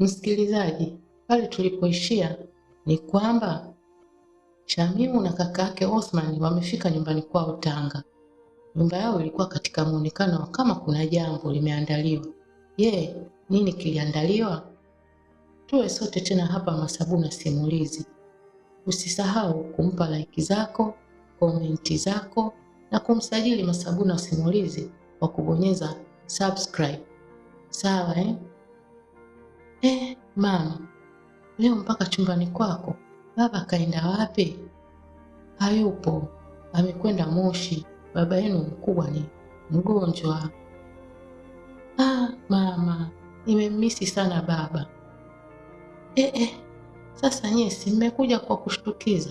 Msikilizaji, pale tulipoishia ni kwamba Shamimu na kaka yake Othman wamefika nyumbani kwao Tanga. Nyumba yao ilikuwa katika muonekano wa kama kuna jambo limeandaliwa. Je, nini kiliandaliwa? Tuwe sote tena hapa Masabuna Simulizi. Usisahau kumpa like zako, komenti zako na kumsajili Masabuna Simulizi kwa kubonyeza subscribe. Sawa eh? Eh, mama, leo mpaka chumbani kwako? Baba kaenda wapi? Hayupo, amekwenda Moshi. Baba yenu mkubwa ni mgonjwa. Ah, mama, nimemmisi sana baba. Eh, eh, sasa nyie si mmekuja kwa kushtukiza?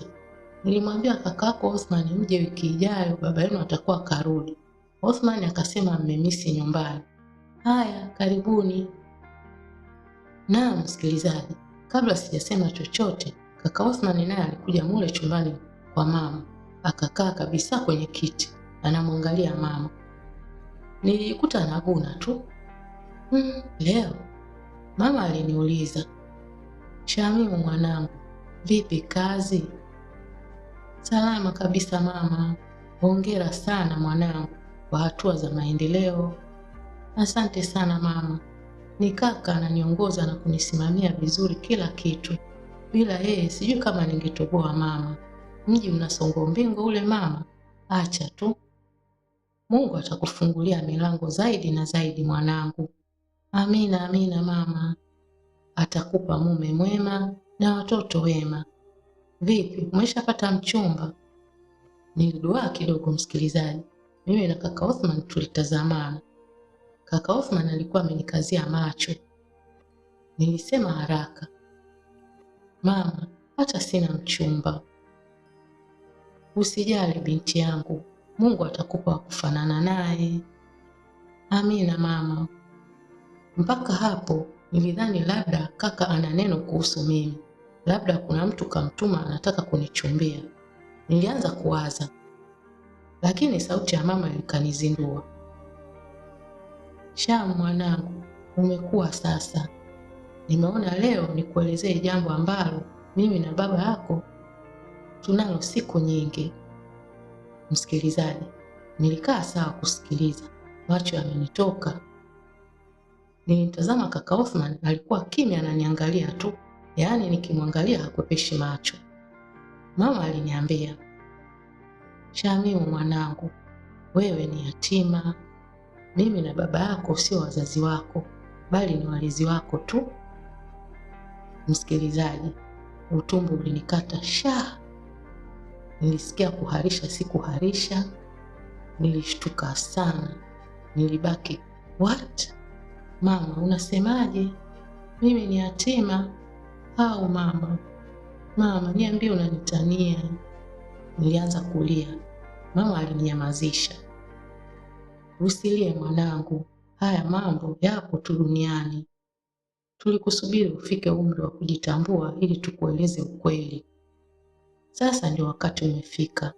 Nilimwambia kakako Osman mje wiki ijayo, baba yenu atakuwa karudi. Osman akasema mmemisi nyumbani. Haya, karibuni. Na msikilizaji, kabla sijasema chochote, kaka Othman naye alikuja mule chumbani kwa mama, akakaa kabisa kwenye kiti anamwangalia mama. Nilijikuta anavuna tu. mm, leo mama aliniuliza, Shamimu mwanangu, vipi kazi? Salama kabisa mama, hongera sana mwanangu kwa hatua za maendeleo. Asante sana mama, ni kaka ananiongoza na kunisimamia vizuri kila kitu. Bila yeye sijui kama ningetoboa mama. Mji songo mbingo ule mama. Acha tu, Mungu atakufungulia milango zaidi na zaidi mwanangu. Amina, amina mama. Atakupa mume mwema na watoto wema. Vipi, umeshapata mchumba? Niliduaa kidogo msikilizaji. Mimi na kaka Othman tulitazamana Kaka Hoffman alikuwa amenikazia macho. Nilisema haraka, mama, hata sina mchumba. Usijali binti yangu, Mungu atakupa wa kufanana naye. Amina mama. Mpaka hapo nilidhani labda kaka ana neno kuhusu mimi, labda kuna mtu kamtuma anataka kunichumbia, nilianza kuwaza, lakini sauti ya mama ikanizindua. Shamu mwanangu, umekuwa sasa, nimeona leo nikuelezee jambo ambalo mimi na baba yako tunalo siku nyingi. Msikilizaji, nilikaa sawa kusikiliza, macho yamenitoka. Nilimtazama kaka Othman, alikuwa kimya ananiangalia tu, yaani nikimwangalia hakwepeshi macho. Mama aliniambia, Shamimu mwanangu, wewe ni yatima mimi na baba yako sio wazazi wako, bali ni walezi wako tu. Msikilizaji, utumbo ulinikata sha, nilisikia kuharisha si kuharisha, nilishtuka sana, nilibaki what? Mama unasemaje? Mimi ni yatima au mama? Mama niambie, unanitania? Nilianza kulia. Mama alininyamazisha usilie mwanangu, haya mambo yapo tu duniani. Tulikusubiri ufike umri wa kujitambua ili tukueleze ukweli. Sasa ndio wakati umefika.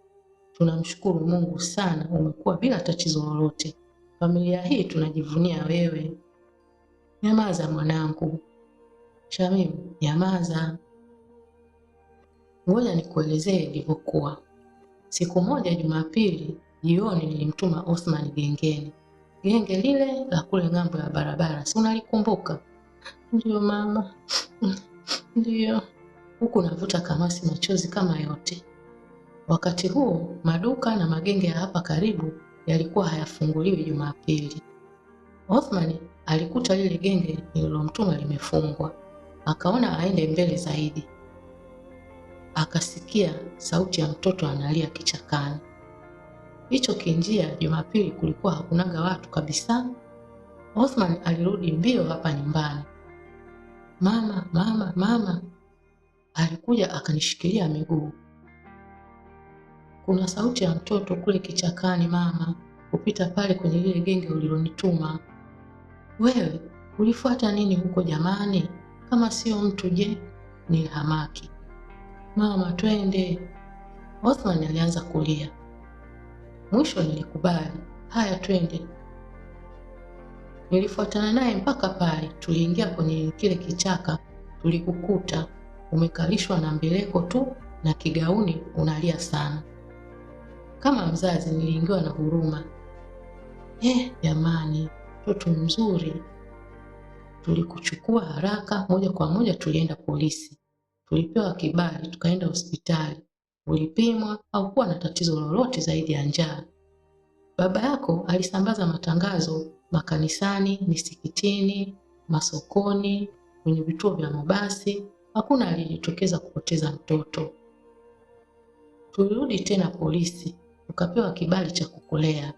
Tunamshukuru Mungu sana, umekuwa bila tatizo lolote. Familia hii tunajivunia wewe. Nyamaza mwanangu. Shamim, nyamaza, ngoja nikuelezee ilivyokuwa. Siku moja Jumapili Jioni nilimtuma Othman gengeni, genge lile la kule ng'ambo ya barabara, si unalikumbuka? Ndiyo mama, ndiyo. Huku navuta kamasi, machozi kama yote. Wakati huo maduka na magenge ya hapa karibu yalikuwa hayafunguliwi Jumapili. Othman alikuta lile genge lililomtuma limefungwa, akaona aende mbele zaidi, akasikia sauti ya mtoto analia kichakani. Hicho kinjia Jumapili kulikuwa hakunaga watu kabisa. Othman alirudi mbio hapa nyumbani, mama mama mama. Alikuja akanishikilia miguu. Kuna sauti ya mtoto kule kichakani, mama, kupita pale kwenye lile genge ulilonituma wewe. Ulifuata nini huko jamani? Kama sio mtu je? hamaki. Mama twende. Othman alianza kulia. Mwisho nilikubali, haya twende. Nilifuatana naye mpaka pale tuliingia kwenye kile kichaka, tulikukuta umekalishwa na mbeleko tu na kigauni unalia sana. Kama mzazi niliingiwa na huruma. Eh, jamani, mtoto mzuri. Tulikuchukua haraka, moja kwa moja tulienda polisi, tulipewa kibali, tukaenda hospitali ulipimwa au kuwa na tatizo lolote zaidi ya njaa. Baba yako alisambaza matangazo makanisani, misikitini, masokoni, kwenye vituo vya mabasi. Hakuna aliyejitokeza kupoteza mtoto. Tulirudi tena polisi, tukapewa kibali cha kukulea.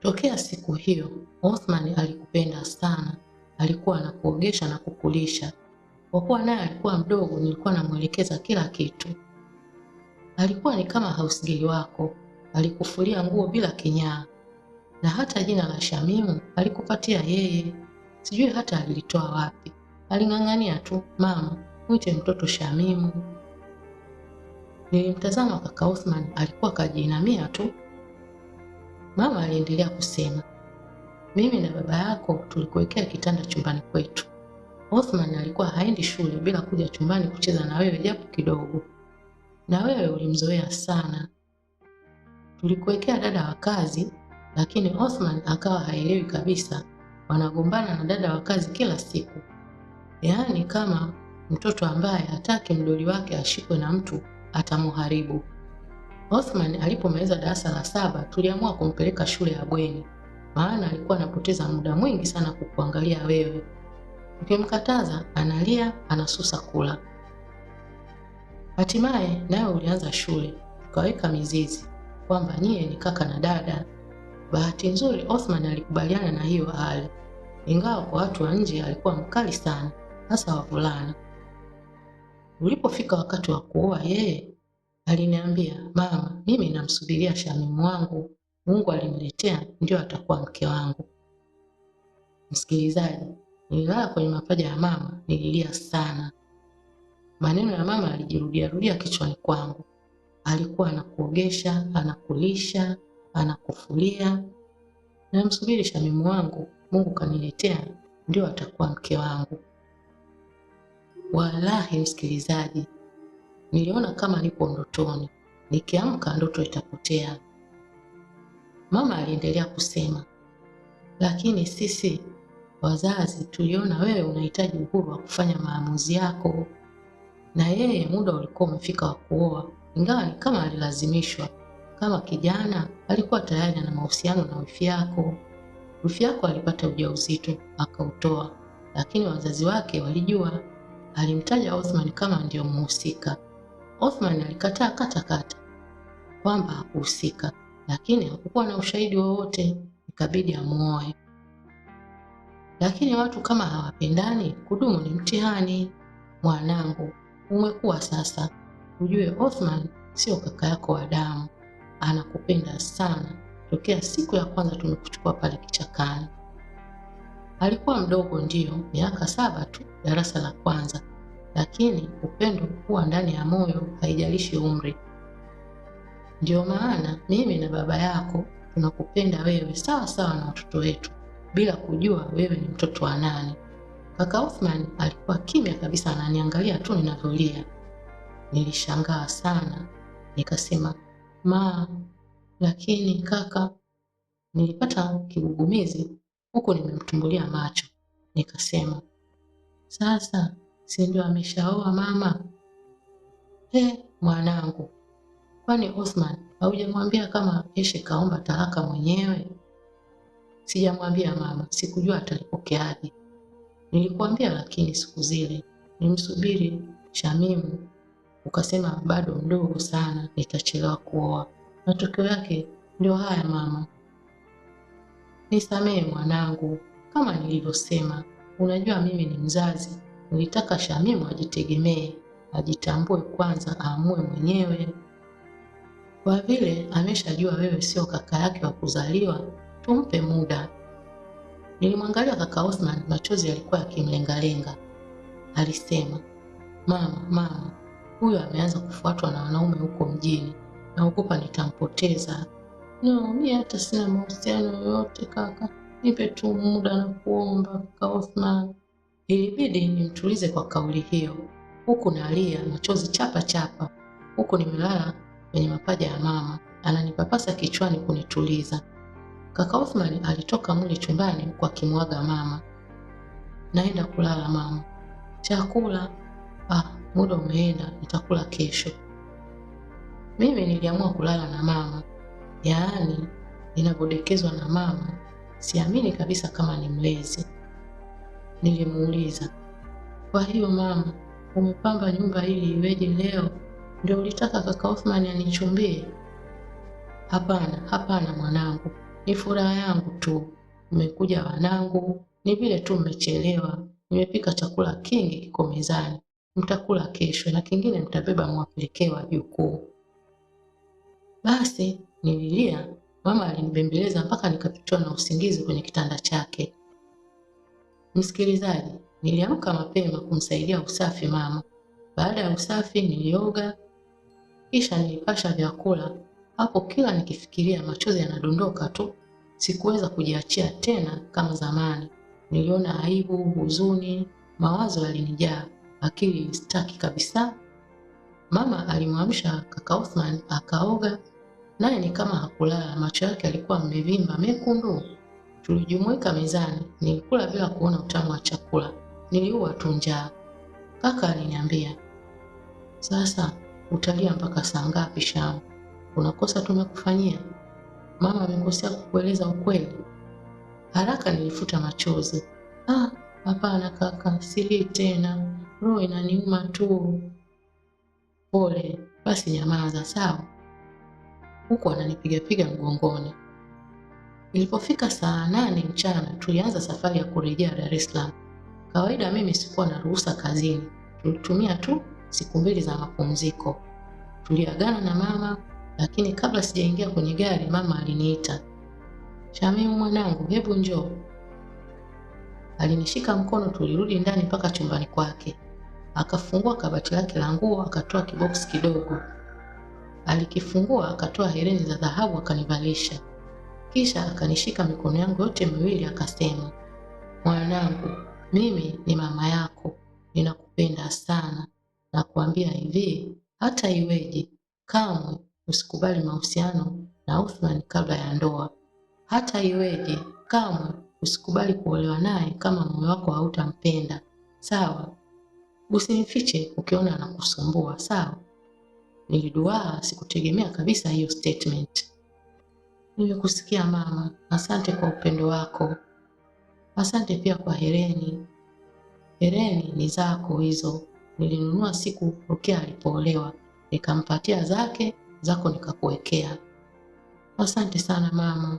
Tokea siku hiyo Othman alikupenda sana, alikuwa anakuogesha na kukulisha. Kwa kuwa naye alikuwa mdogo, nilikuwa namwelekeza kila kitu. Alikuwa ni kama hausgeli wako, alikufulia nguo bila kinyaa, na hata jina la Shamimu alikupatia yeye, sijui hata alilitoa wapi. Aling'ang'ania tu, mama mwite mtoto Shamimu. Nilimtazama kaka Othman, alikuwa kajiinamia tu. Mama aliendelea kusema, mimi na baba yako tulikuwekea kitanda chumbani kwetu Othman alikuwa haendi shule bila kuja chumbani kucheza na wewe japo kidogo, na wewe ulimzoea sana. Tulikuwekea dada wa kazi, lakini Othman akawa haelewi kabisa, wanagombana na dada wa kazi kila siku, yaani kama mtoto ambaye hataki mdoli wake ashikwe na mtu atamuharibu. Othman alipomaliza darasa la saba tuliamua kumpeleka shule ya bweni, maana alikuwa anapoteza muda mwingi sana kukuangalia wewe. Ukimkataza analia, anasusa kula. Hatimaye nayo ulianza shule, tukaweka mizizi kwamba nyie ni kaka na dada. Bahati nzuri Othman alikubaliana na hiyo hali, ingawa kwa watu wa nje alikuwa mkali sana, hasa wavulana. Ulipofika wakati wa kuoa yeye aliniambia, mama, mimi namsubiria Shamimu wangu Mungu alimletea, ndio atakuwa mke wangu. Msikilizaji, Nililala kwenye mapaja ya mama, nililia sana. Maneno ya mama alijirudia rudia kichwani kwangu. Alikuwa anakuogesha, anakulisha, anakufulia. Namsubiri shamimu wangu, Mungu kaniletea, ndio atakuwa mke wangu. Wallahi msikilizaji, niliona kama nipo ndotoni, nikiamka ndoto itapotea. Mama aliendelea kusema, lakini sisi wazazi tuliona wewe unahitaji uhuru wa kufanya maamuzi yako, na yeye muda ulikuwa umefika wa kuoa, ingawa ni kama alilazimishwa. Kama kijana alikuwa tayari ana mahusiano na wifi yako. Wifi yako alipata ujauzito akautoa, lakini wazazi wake walijua. Alimtaja Othman kama ndiyo mhusika. Othman alikataa kata kata kwamba hakuhusika, lakini hakukuwa na ushahidi wowote, ikabidi amuoe lakini watu kama hawapendani, kudumu ni mtihani. Mwanangu, umekuwa sasa, ujue Othman sio kaka yako wa damu, anakupenda sana tokea siku ya kwanza tumekuchukua pale kichakani. Alikuwa mdogo, ndiyo, miaka saba tu, darasa la kwanza, lakini upendo huwa ndani ya moyo, haijalishi umri. Ndiyo maana mimi na baba yako tunakupenda wewe sawa sawa na watoto wetu bila kujua wewe ni mtoto wa nani. Kaka Othman alikuwa kimya kabisa, ananiangalia tu ninavyolia. Nilishangaa sana, nikasema ma, lakini kaka. Nilipata kigugumizi huku nimemtumbulia macho, nikasema sasa, si ndio ameshaoa mama? He, mwanangu, kwani Othman haujamwambia kama Eshe kaomba talaka mwenyewe? Sijamwambia mama, sikujua atalipokeaje. Nilikuambia lakini siku zile nimsubiri Shamimu, ukasema bado mdogo sana, nitachelewa kuoa. Matokeo yake ndio haya mama. Nisamehe mwanangu, kama nilivyosema, unajua mimi ni mzazi. Nilitaka Shamimu ajitegemee, ajitambue kwanza, aamue mwenyewe. Kwa vile ameshajua wewe sio kaka yake wa kuzaliwa tumpe muda. Nilimwangalia kaka Osman, machozi yalikuwa yakimlengalenga. Alisema, mama, mama, huyo ameanza kufuatwa na wanaume huko mjini, naogopa nitampoteza. No, mi hata sina mahusiano yoyote kaka, nipe tu muda na kuomba kaka Osman. Ilibidi nimtulize kwa kauli hiyo, huku nalia machozi chapa chapa, huku nimelala kwenye mapaja ya mama ananipapasa kichwani kunituliza. Kaka Othman alitoka mle chumbani huku akimwaga mama, naenda kulala mama, chakula ah, muda umeenda, nitakula kesho. Mimi niliamua kulala na mama, yaani ninavyodekezwa na mama siamini kabisa kama ni mlezi. Nilimuuliza, kwa hiyo mama, umepamba nyumba ili iweje leo? Ndio ulitaka kaka Othman anichumbie? Hapana, hapana mwanangu, ni furaha yangu tu, mmekuja wanangu, ni vile tu mmechelewa. Nimepika chakula kingi, kiko mezani, mtakula kesho, na kingine mtabeba mwapelekee wajukuu. Basi nililia, mama alinibembeleza mpaka nikapitiwa na usingizi kwenye kitanda chake. Msikilizaji, niliamka mapema kumsaidia usafi mama. Baada ya usafi, nilioga kisha nilipasha vyakula hapo kila nikifikiria machozi yanadondoka tu. Sikuweza kujiachia tena kama zamani. Niliona aibu, huzuni, mawazo yalinijaa, akili staki kabisa. Mama alimwamsha kaka Othman akaoga, naye ni kama hakulala, macho yake alikuwa mmevimba mekundu. Tulijumuika mezani, nilikula bila kuona utamu wa chakula, niliua tu njaa. Kaka aliniambia, sasa utalia mpaka saa ngapi Shamu? kuna kosa tumekufanyia? Mama amekosea kukueleza ukweli? Haraka nilifuta machozi. Ah, hapana kaka, silii tena, roho inaniuma tu. Pole basi, nyamaza sawa, huku ananipigapiga mgongoni. Ilipofika saa nane mchana tulianza safari ya kurejea Dar es Salaam. Kawaida mimi sikuwa na ruhusa kazini, tulitumia tu siku mbili za mapumziko. Tuliagana na mama lakini kabla sijaingia kwenye gari mama aliniita, Shamimu mwanangu, hebu njoo. Alinishika mkono, tulirudi ndani mpaka chumbani kwake. Akafungua kabati lake la nguo, akatoa kiboksi kidogo. Alikifungua akatoa hereni za dhahabu, akanivalisha, kisha akanishika mikono yangu yote miwili, akasema, mwanangu, mimi ni mama yako, ninakupenda sana. kuambia hivi, hata iweje, kamwe usikubali mahusiano na Uthman kabla ya ndoa. Hata iweje, kamwe usikubali kuolewa naye kama mume wako hautampenda, sawa? Usimfiche ukiona anakusumbua, sawa? Niliduaa, sikutegemea kabisa hiyo statement. Nimekusikia mama, asante kwa upendo wako, asante pia kwa hereni. Hereni ni zako hizo, nilinunua siku Rukia alipoolewa, nikampatia zake zako nikakuwekea. Asante sana mama.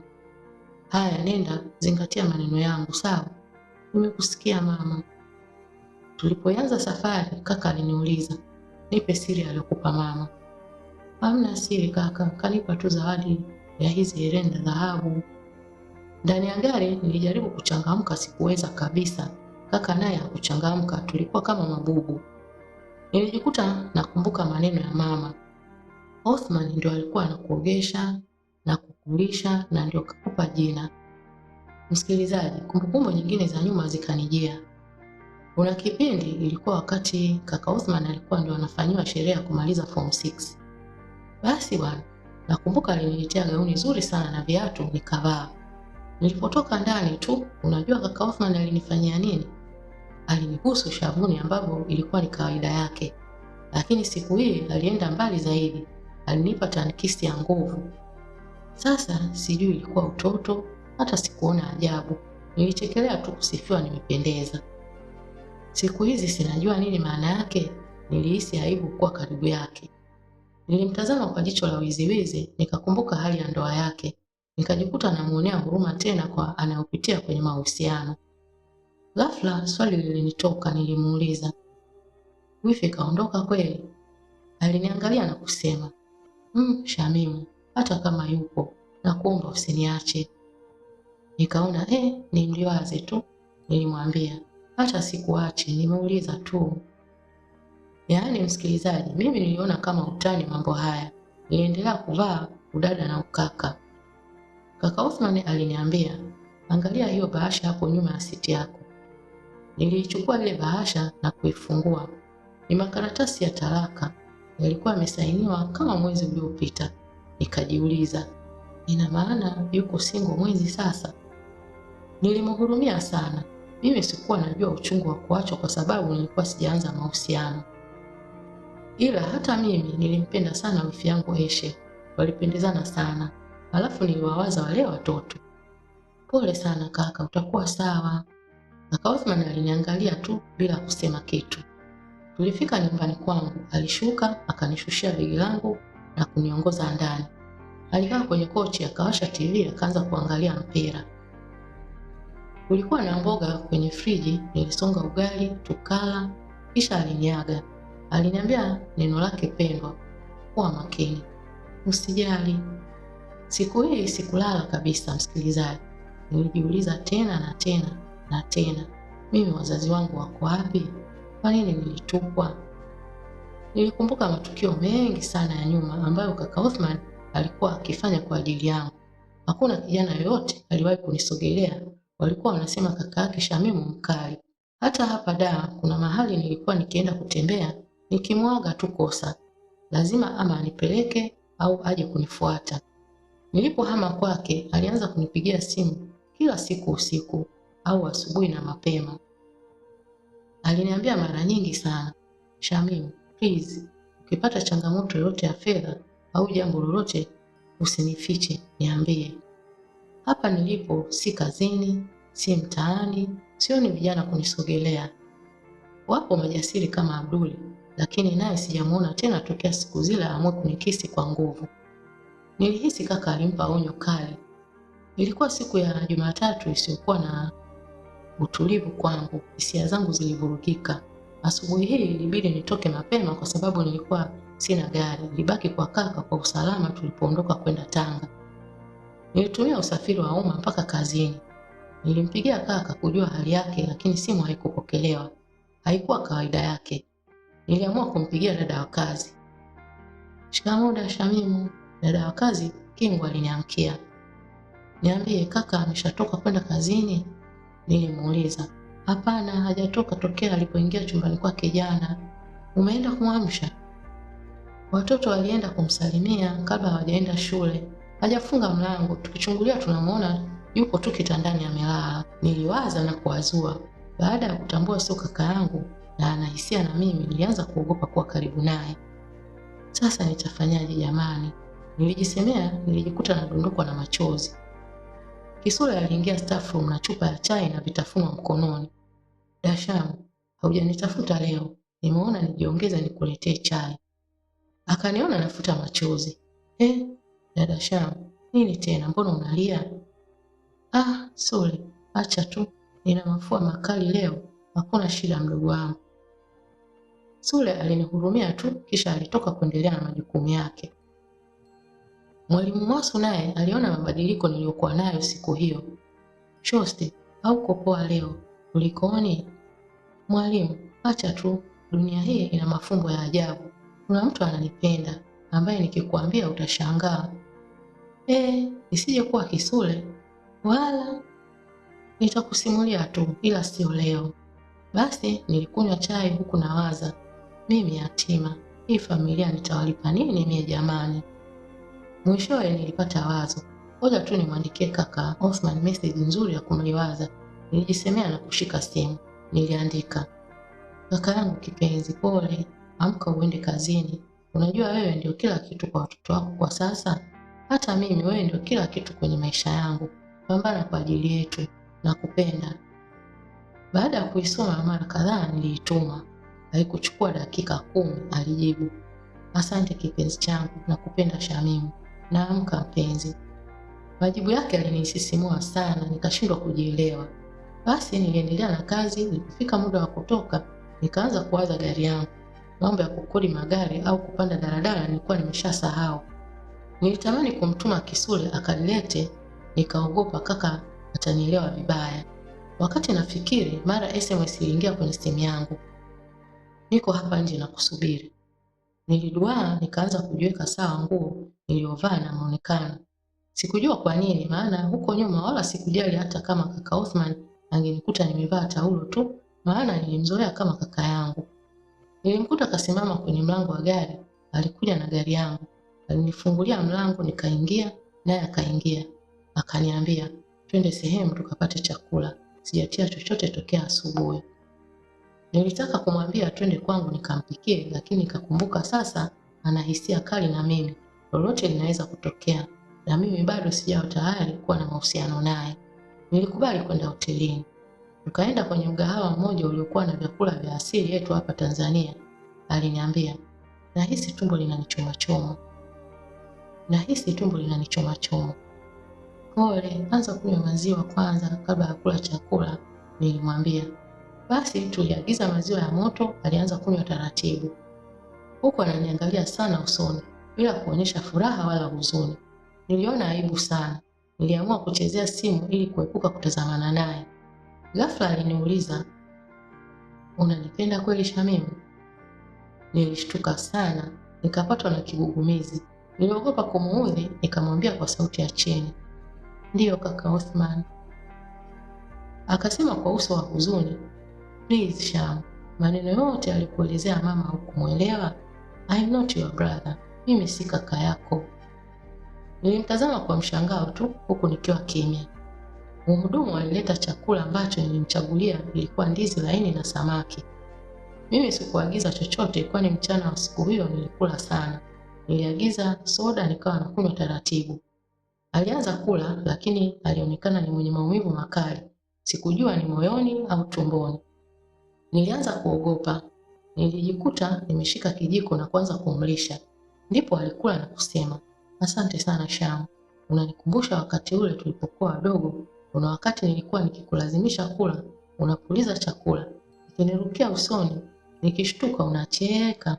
Haya, nenda zingatia maneno yangu, sawa? Nimekusikia mama. Tulipoanza safari, kaka aliniuliza nipe siri aliyokupa mama. Hamna siri kaka, kanipa tu zawadi ya hizi herenda dhahabu. Ndani ya gari nilijaribu kuchangamka, sikuweza kabisa. Kaka naye hakuchangamka, tulikuwa kama mabubu. Nilijikuta nakumbuka maneno ya mama, Othman ndio alikuwa anakuogesha na kukulisha na ndio kakupa jina. Msikilizaji, kumbukumbu nyingine za nyuma zikanijia. Kuna kipindi ilikuwa wakati kaka Othman alikuwa ndio anafanyiwa sherehe ya kumaliza form 6. Basi bwana, nakumbuka aliniletea gauni zuri sana na viatu nikavaa. Nilipotoka ndani tu, unajua kaka Othman alinifanyia nini? Alinibusu shavuni, ambapo ilikuwa ni kawaida yake, lakini siku hii alienda mbali zaidi alinipa tankisi ya nguvu. Sasa sijui ilikuwa utoto, hata sikuona ajabu. Nilichekelea tu kusifiwa nimependeza. Siku hizi sinajua nini maana yake, nilihisi aibu kuwa karibu yake. Nilimtazama kwa jicho la wiziwizi, nikakumbuka hali ya ndoa yake, nikajikuta namuonea huruma tena kwa anayopitia kwenye mahusiano. Ghafla swali lilinitoka, nilimuuliza wifi kaondoka kweli? Aliniangalia na kusema mm, Shamimu, hata kama yupo nakuomba usiniache. Nikaona eh, nimliwaze tu, nilimwambia hata sikuache, nimeuliza tu. Yaani msikilizaji, mimi niliona kama utani mambo haya, niliendelea kuvaa udada na ukaka. Kaka Othman aliniambia, angalia hiyo bahasha hapo nyuma ya siti yako. Niliichukua ile bahasha na kuifungua, ni makaratasi ya talaka yalikuwa yamesainiwa kama mwezi uliopita. Nikajiuliza, ina maana yuko singo mwezi sasa? Nilimhurumia sana. Mimi sikuwa najua uchungu wa kuachwa kwa sababu nilikuwa sijaanza mahusiano, ila hata mimi nilimpenda sana wifi yangu Eshe, walipendezana sana. Halafu niliwawaza wale watoto. Pole sana kaka, utakuwa sawa. Kaka Othman aliniangalia tu bila kusema kitu. Nilifika nyumbani kwangu, alishuka akanishushia begi langu na kuniongoza ndani. Alikaa kwenye kochi, akawasha TV, akaanza kuangalia mpira. Kulikuwa na mboga kwenye friji, nilisonga ugali tukala, kisha aliniaga. Aliniambia neno lake pendwa, kuwa makini, usijali. Siku hii sikulala kabisa, msikilizaji. Nilijiuliza tena na tena na tena, mimi wazazi wangu wako wapi? Kwa nini nilitupwa? Nilikumbuka matukio mengi sana ya nyuma ambayo kaka Othman alikuwa akifanya kwa ajili yangu. Hakuna kijana yoyote aliwahi kunisogelea, walikuwa wanasema kaka yake Shamimu mkali. Hata hapa daa kuna mahali nilikuwa nikienda kutembea, nikimwaga tu kosa, lazima ama anipeleke au aje kunifuata. Nilipohama kwake, alianza kunipigia simu kila siku usiku au asubuhi na mapema. Aliniambia mara nyingi sana, Shamim, please, ukipata changamoto yoyote ya fedha au jambo lolote usinifiche, niambie. Hapa nilipo si kazini, si mtaani, sioni vijana kunisogelea. Wapo majasiri kama Abduli, lakini naye sijamwona tena tokea siku zile aamue kunikisi kwa nguvu. Nilihisi kaka alimpa onyo kali. Ilikuwa siku ya Jumatatu isiyokuwa na utulivu kwangu. Hisia zangu zilivurugika. Asubuhi hii ilibidi nitoke mapema kwa sababu nilikuwa sina gari. Nilibaki kwa kaka kwa usalama tulipoondoka kwenda Tanga. Nilitumia usafiri wa umma mpaka kazini. Nilimpigia kaka kujua hali yake, lakini simu haikupokelewa. Haikuwa kawaida yake. Niliamua kumpigia dada wa kazi. Shikamoo Shamimu. Dada wa kazi Kingwa aliniamkia, niambie kaka ameshatoka kwenda kazini. Nilimuuliza. Hapana, hajatoka tokea alipoingia chumbani kwake jana. Umeenda kumwamsha? Watoto walienda kumsalimia kabla hawajaenda shule. Hajafunga mlango, tukichungulia tunamwona yupo tu kitandani amelala. Niliwaza na kuwazua. Baada ya kutambua sio kaka yangu na anahisia na mimi, nilianza kuogopa kuwa karibu naye. Sasa nitafanyaje jamani? Nilijisemea, nilijikuta nadondokwa na machozi. Kisula aliingia staff room na chupa ya chai na vitafunwa mkononi. Dashamu, haujanitafuta leo, nimeona nijiongeza nikuletee chai. Akaniona nafuta machozi. Eh, dada Shamu, nini tena? Mbona unalia? Ah, Sule, acha tu, nina mafua makali leo, hakuna shida mdogo wangu. Sule alinihurumia tu, kisha alitoka kuendelea na majukumu yake. Mwalimu mosu naye aliona mabadiliko niliyokuwa nayo siku hiyo. Shosti au kopoa leo ulikoni? Mwalimu, acha tu, dunia hii ina mafumbo ya ajabu. Kuna mtu ananipenda ambaye nikikwambia utashangaa. Eh, isije kuwa Kisule wala nitakusimulia tu, ila sio leo. Basi nilikunywa chai huku nawaza, mimi yatima, hii familia nitawalipa nini mie jamani? Mwishowe nilipata wazo, ngoja tu nimwandikie kaka Osman message nzuri ya kumliwaza. Nilijisemea na kushika simu, niliandika: kaka yangu kipenzi, pole, amka uende kazini. Unajua wewe ndio kila kitu kwa watoto wako kwa sasa, hata mimi, wewe ndio kila kitu kwenye maisha yangu. Pambana kwa ajili yetu, nakupenda. Baada ya kuisoma mara kadhaa, niliituma. Haikuchukua dakika kumi, alijibu: asante kipenzi changu, nakupenda Shamimu. Naamka mpenzi. Majibu yake alinisisimua sana, nikashindwa kujielewa. Basi niliendelea na kazi. Nilipofika muda wa kutoka, nikaanza kuwaza gari yangu. Mambo ya kukodi magari au kupanda daladala nilikuwa nimeshasahau. Nilitamani kumtuma Kisule akanilete, nikaogopa kaka atanielewa vibaya. Wakati nafikiri, mara SMS iliingia kwenye simu yangu, niko hapa nje na kusubiri. Niliduaa, nikaanza kujiweka sawa nguo niliyovaa na muonekano. Sikujua kwa nini, maana huko nyuma wala sikujali hata kama kaka Othman angenikuta nimevaa taulo tu, maana nilimzoea kama kaka yangu. Nilimkuta kasimama kwenye mlango wa gari, alikuja na gari yangu. Alinifungulia mlango nikaingia, naye akaingia. Akaniambia, twende sehemu tukapate chakula, sijatia chochote tokea asubuhi. Nilitaka kumwambia twende kwangu nikampikie, lakini nikakumbuka sasa ana hisia kali na mimi, lolote linaweza kutokea, na mimi bado sijawa tayari kuwa na mahusiano naye. Nilikubali kwenda hotelini, tukaenda kwenye mgahawa mmoja uliokuwa na vyakula vya asili yetu hapa Tanzania. Aliniambia, nahisi tumbo choma, nahisi tumbo choma Pole, anza kunywa maziwa kwanza kabla ya kula chakula, nilimwambia. Basi tuliagiza maziwa ya moto, alianza kunywa taratibu, huku ananiangalia sana usoni bila kuonyesha furaha wala huzuni. Niliona aibu sana, niliamua kuchezea simu ili kuepuka kutazamana naye. Ghafla aliniuliza, unanipenda kweli Shamimu? Nilishtuka sana, nikapatwa na kigugumizi. Niliogopa kumuudhi, nikamwambia kwa sauti ya chini, ndiyo kaka Othman. Akasema kwa uso wa huzuni, please Sham, maneno yote alikuelezea mama hukumwelewa. I'm not your brother mimi si kaka yako. Nilimtazama kwa mshangao tu huku nikiwa kimya. Mhudumu alileta chakula ambacho nilimchagulia ilikuwa ndizi laini na samaki. Mimi sikuagiza chochote, kwani mchana wa siku hiyo nilikula sana. Niliagiza soda nikawa nakunywa taratibu. Alianza kula, lakini alionekana ni mwenye maumivu makali. Sikujua ni moyoni au tumboni. Nilianza kuogopa. Nilijikuta nimeshika kijiko na kuanza kumlisha. Ndipo alikula na kusema, asante sana Shamu, unanikumbusha wakati ule tulipokuwa wadogo. Kuna wakati nilikuwa nikikulazimisha kula, unapuliza chakula ikinirukia usoni, nikishtuka unacheka.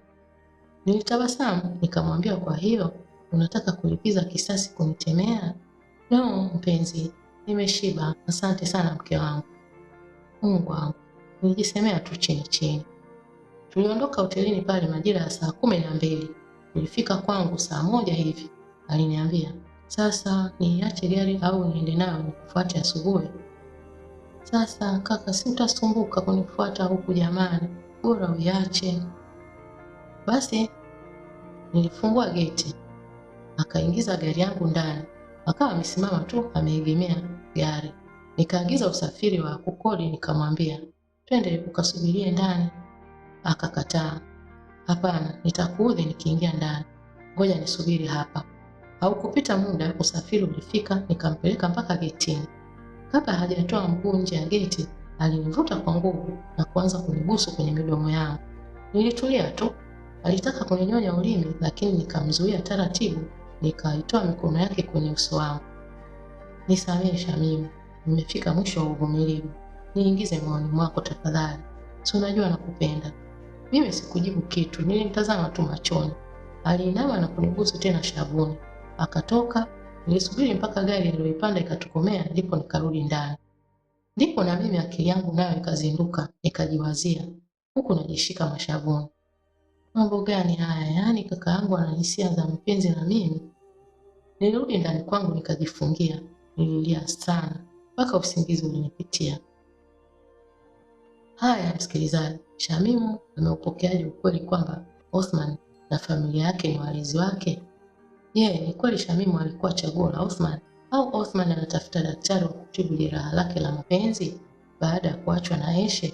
Nilitabasamu nikamwambia, kwa hiyo unataka kulipiza kisasi kunitemea? No mpenzi, nimeshiba, asante sana mke wangu. Mungu wangu, nilijisemea tu chini chini. Tuliondoka hotelini pale majira ya saa kumi na mbili ulifika kwangu saa moja hivi, aliniambia sasa niache gari au niende nayo nikufuate asubuhi? Sasa kaka, si utasumbuka kunifuata huku jamani, bora uiache basi. Nilifungua geti, akaingiza gari yangu ndani, akawa amesimama tu ameegemea gari. Nikaagiza usafiri wa kukodi, nikamwambia twende ukasubirie ndani, akakataa. Hapana, nitakuudhi nikiingia ndani, ngoja nisubiri hapa. Haukupita muda, usafiri ulifika, nikampeleka mpaka getini. Kabla hajatoa mguu nje ya geti, alinivuta kwa nguvu na kuanza kunibusu kwenye midomo yangu. Nilitulia tu, alitaka kuninyonya ulimi, lakini nikamzuia taratibu, nikaitoa mikono yake kwenye uso wangu. Nisamehe Shamimu, nimefika mwisho wa uvumilivu. Niingize moyoni mwako tafadhali, si unajua nakupenda. Mimi sikujibu kitu, nilimtazama tu machoni. Aliinama na kunigusa tena shavuni, akatoka. Nilisubiri mpaka gari aliyoipanda ikatokomea, ndipo nikarudi ndani. Ndipo na mimi akili yangu nayo ikazinduka, nikajiwazia huku najishika mashavuni, mambo gani haya? Yaani kaka yangu ana hisia za mpenzi na mimi? Nilirudi ndani kwangu nikajifungia, nililia sana mpaka usingizi ulinipitia. Haya msikilizaji, Shamimu ameupokeaje ukweli kwamba Othman na familia yake ni walizi wake? Je, ni kweli Shamimu alikuwa chaguo la Othman au Othman anatafuta daktari wa kutibu jeraha lake la mapenzi baada ya kuachwa na Eshe?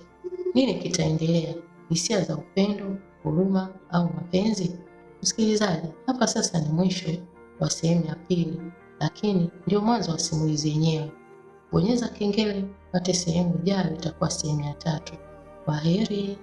Nini kitaendelea? Hisia za upendo, huruma au mapenzi? Msikilizaji, hapa sasa ni mwisho wa sehemu ya pili, lakini ndio mwanzo wa simulizi yenyewe. Bonyeza kengele tupate sehemu ijayo itakuwa sehemu ya tatu. Kwaheri.